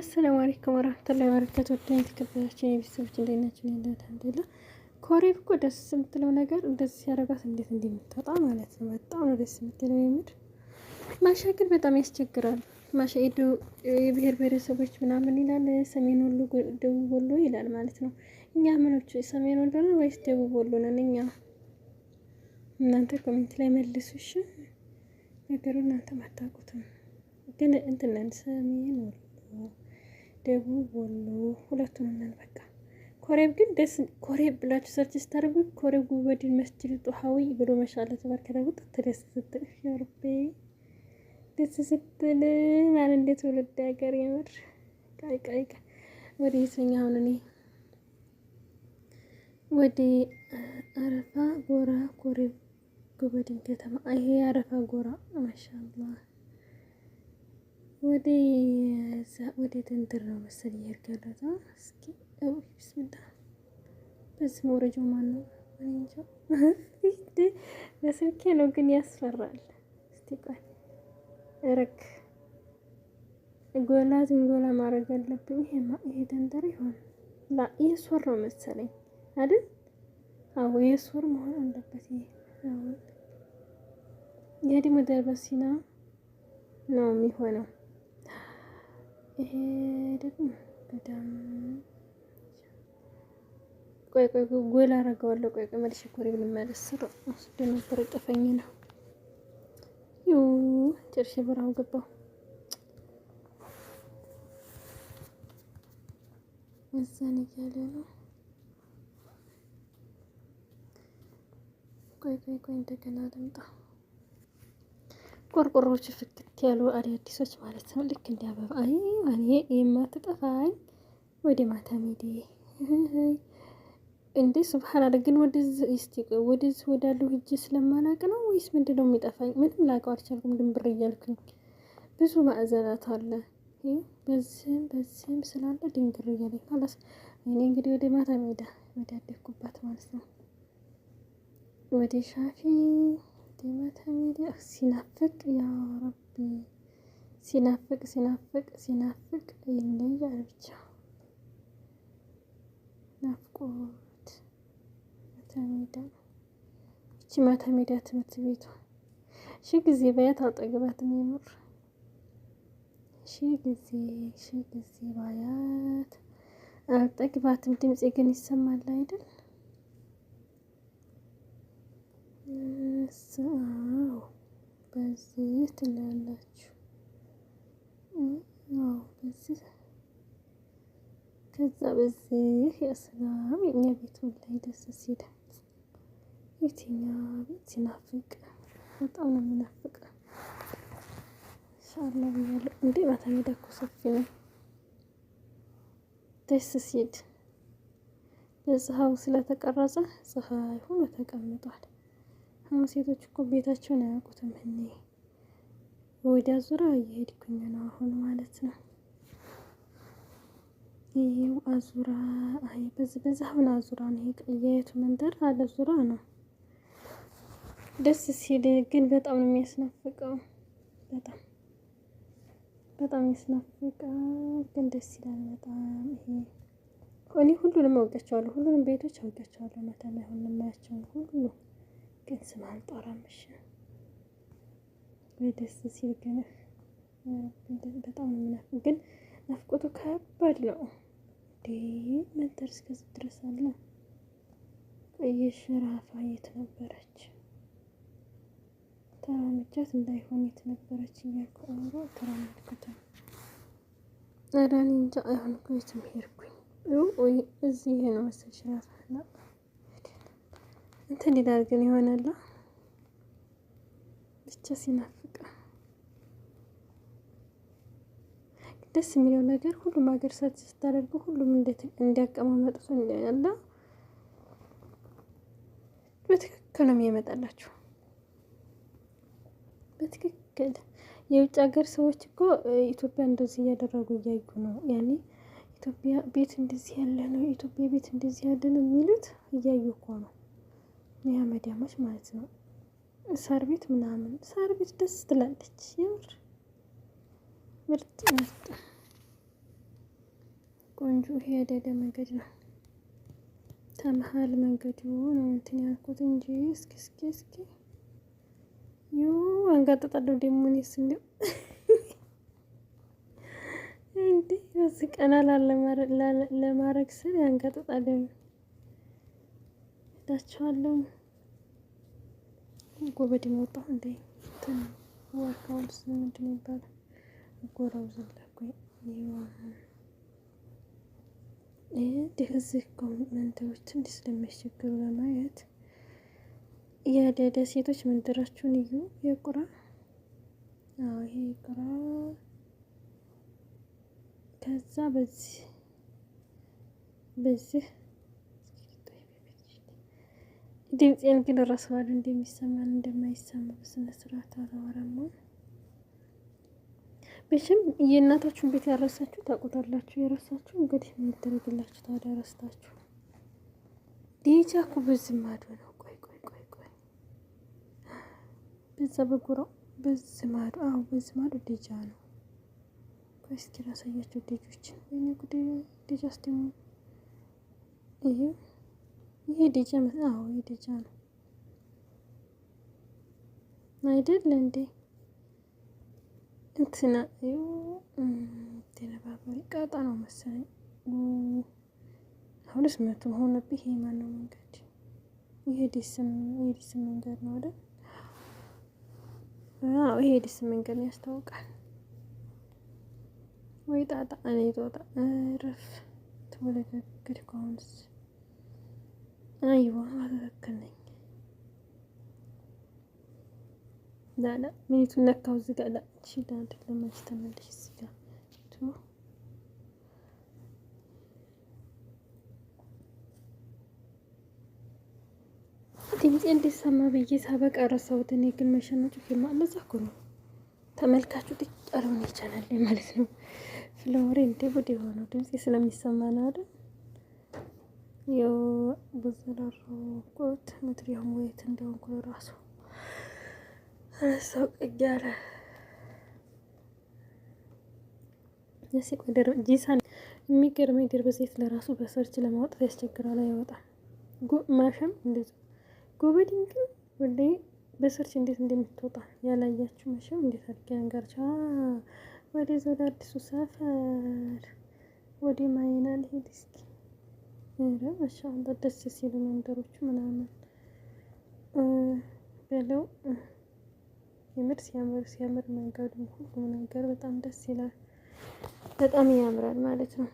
አሰላሙ አለይኩም ወራህመቱላሂ ወበረካቱህ። ወደ የተከበራችሁ የቤተሰቦች እንዴት ናችሁ? እንዴት አልሐምዱሊላህ። ኮሪብ እኮ ደስ የምትለው ነገር እንደዚህ ሲያደርጋት እንዴት እንደምታጣ ማለት ነው። በጣም ነው ደስ የምትለው የምር። ማሻ ግን በጣም ያስቸግራል። ማሻ የብሔር ብሔረሰቦች ምናምን ይላል፣ ሰሜን ወሎ፣ ደቡብ ወሎ ይላል ማለት ነው። እኛ ምኖች ሰሜን ወሎ ነን ወይስ ደቡብ ወሎ ነን እኛ? እናንተ ኮሜንት ላይ መልሱ እሺ። ነገሩ እናንተ አታውቁትም፣ ግን እንትን ነን ሰሜን ወሎ ደቡብ ወሎ ሁለቱንም ነን በቃ። ኮሬብ ግን ደስ ኮሬብ ብላችሁ ሰርች ስታደርጉ ኮሬብ ጉበድን መስጅድ ጡሃዊ ብሎ መሻለ ተባርከለ ቁጥት ደስ ስትል ያርቤ ደስ ስትል ማለት እንደ ትውልድ ሀገር የምር ቃይ ቃይ ቃይ ወደ የትኛ አሁን እኔ ወደ አረፋ ጎራ ኮሬብ ጉበድን ከተማ ይሄ አረፋ ጎራ ማሻአላህ ወደ እዛ ወደ ነው መሰል እስኪ ብስምላ በዚህ መውረጃው ነው? እንጃ በስልኬ ነው ግን ያስፈራል። እስቲ ቆይ ጎላ ዝንጎላ ማድረግ አለብኝ። ይሄ ይሆን ላ ነው መሰለኝ አይደል? አዎ መሆን አለበት። ይሄ ነው የሚሆነው ይሄ ደግሞ በጣም ቆይ ቆይ ጎል አደርገዋለሁ። ቆይ ቆይ መልሼ ኮሪ ልመለስ ስለ ወስደ ነበር ጠፈኝ ነው ዩ ጨርሼ በረሃው ገባሁ። እዛን እያለ ነው። ቆይ ቆይ ቆይ እንደገና ልምጣ። ቆርቆሮች ፍክት ያሉ አዳዲሶች ማለት ነው። ልክ እንደ አበባ አይ እኔ የማትጠፋኝ ወደ ማታ ሜዲ እንዴ ስብሓናላ ግን ወደዚህ ወዳሉ ህጅ ስለማላቅ ነው ወይስ ምንድን ነው የሚጠፋኝ? ምንም ላቀው አልቻልኩም። ድንብር እያልኩኝ ብዙ ማዕዘናት አለ። በዚህም በዚህም ስላለ ድንግር እያለኝ ላስ እኔ እንግዲህ ወደ ማታ ሜዳ ወደ አደግኩባት ማለት ነው ወደ ሻፊ ወደ ማታ ሜዳ ሲናፍቅ ያረብ ሲናፍቅ ሲናፍቅ ሲናፍቅ ይለያል ብቻ ናፍቆት ማታ ሜዳ እቺ ማታ ሜዳ ትምህርት ቤቷ ሺ ጊዜ ባያት አጠገባት የሚምር ሺ ጊዜ ሺ ጊዜ ባያት አልጠግባትም። ድምፄ ግን ይሰማል አይደል? ሰው በዚህ ትላላችሁ። አዎ በዚህ ከዛ በዚህ የእስላም የእኛ ቤት ላይ ደስ ሲላል። የትኛ ቤት ሲናፍቅ በጣም ነው የሚናፍቅ። ሻለ ብያለሁ እንዴ ማታ ሜዳ እኮ ሰፊ ነው። ደስ ሲል በፀሐዩ ስለተቀረጸ ፀሐይ ሆኖ ተቀምጧል። አሁን ሴቶች እኮ ቤታቸውን አያውቁትም። እኔ ወዲያ ዙራ እየሄድኩኝ ነው አሁን ማለት ነው። ይሄው አዙራ አይ በዚ በዛ አሁን አዙራ ነው የቱ መንደር አለ ዙራ ነው። ደስ ሲል ግን በጣም ነው የሚያስናፍቀው። በጣም በጣም ያስናፍቃል፣ ግን ደስ ይላል በጣም ይሄ እኔ ሁሉንም አውቃቸዋለሁ። ሁሉንም ቤቶች አውቃቸዋለሁ። መተማ ሁሉንም አያቸውን ሁሉ ግን ስም አልጠራምሽ። ደስ ሲል ግን በጣም ነው ግን ናፍቆቱ ከባድ ነው። እንዴ መንተር እስከዚህ ድረስ አለ። ቀየሽ ራፋ የት ነበረች? ተራምጃት እንዳይሆን የት ነበረች እያልኩ አምሮ ተራምድኩት። ኧረ እንጃ። አሁን እኮ የትም ሄድኩኝ። እዚህ ነው መሰለሽ ራፋ እንትን ይላል ግን ይሆናል ብቻ ሲናፍቅ ደስ የሚለው ነገር ሁሉም ሀገር ሰርች ስታደርጉ ሁሉም እንዲያቀማመጡት ያለ በትክክል ነው የሚያመጣላችሁ። በትክክል የውጭ ሀገር ሰዎች እኮ ኢትዮጵያ እንደዚህ እያደረጉ እያዩ ነው። ያኔ ኢትዮጵያ ቤት እንደዚህ ያለ ነው፣ ኢትዮጵያ ቤት እንደዚህ ያለ ነው የሚሉት እያዩ እኮ ነው። የአመዳሞች ማለት ነው። ሳር ቤት ምናምን ሳር ቤት ደስ ትላለች። የምር ምርጥ ምርጥ ቆንጆ ሄደደ መንገድ ነው። ተመሀል መንገዱ ነው እንትን ያልኩት እንጂ እስኪ እስኪ እስኪ ዩ አንጋጠጣለሁ ደግሞ እኔስ እንዲሁ እንዲህ በዚህ ቀና ለማድረግ ስል አንጋጠጣለሁ። እላችኋለሁ። ጎበድ እንዴ የመወጣሁ እንደ ወርካውስ ምንድን ይባላል? ጎራው ዘለኩ እዚህ ኮመንቶች እንዲህ ስለሚያስቸግሩ ለማየት የደደ ሴቶች መንደራችሁን እዩ። የቁራ ይሄ ቁራ ከዛ በዚህ በዚህ ድምፄን ግን ረስዋል። እንደሚሰማን እንደማይሰማ በስነ ስርዓት አላወራማ። መቼም የእናታችሁን ቤት ያረሳችሁ ታውቁታላችሁ። የረሳችሁ እንግዲህ የምታደርግላችሁ ታዲያ ረስታችሁ ዲቻ እኮ በዚህ ማዶ ነው። ቆይ ቆይ ቆይ ቆይ በዛ በጉራው በዚህ ማዶ አሁ በዚህ ማዶ ዲጃ ነው። ቆይ እስኪ ላሳያቸው ዴጆችን ወይኔ ጉዴ ዲጃ ስደሞ ይሄ ይሄ ዲጃ አዎ ይሄ ዲጃ ነው አይደል እንዴ? እንትና እዩ ተነባበሪ ቃጣ ነው መሰለኝ። አሁንስ መቶ ሆነብህ። ይሄ ማነው መንገድ? ይሄ ዲስም ዲስ መንገድ ነው አይደል? አዎ ይሄ ዲስ መንገድ ያስታውቃል። ወይ ጣጣ እኔ ጦጣ ረፍ ተወለገግድ ከሆንስ አይዋ ትክክል ነኝ። ላላ ሚኒቱን ነካው እዚህ ጋር ላቺ ዳንድ ለማች ተመልሽ እዚህ ቱ ድምፄ እንዲሰማ ብዬ ሳበቃ እኔ ግን መሸናጩ ፊልማ እኮ ነው ተመልካቹ ጥቂት አልሆነ ይቻላል ማለት ነው። ፍላወሬ እንዴ ጉድ የሆነው ድምፄ ስለሚሰማ ነው አይደል? ያው በዘራረቁት ምድር የሞየት እንደሆንኩ ራሱ ረሳው ጂሳን የሚገርመኝ ለራሱ በሰርች ለማውጣት ያስቸግራል። አይወጣም ማሸም እንደዚ ጎበድን ግን ወደ በሰርች እንዴት እንደምትወጣ ያላያችሁ መሸም እንዴት አድርጌ ነገርቻ ወደ ዘወደ አዲሱ ሰፈር ወደ ማይናል ሄድ እስኪ ማሻአላ ደስ ሲሉ መንደሮቹ ምናምን ብለው የምር ሲያምር ሲያምር መንገዱ ሁሉ ነገር በጣም ደስ ይላል። በጣም ያምራል ማለት ነው።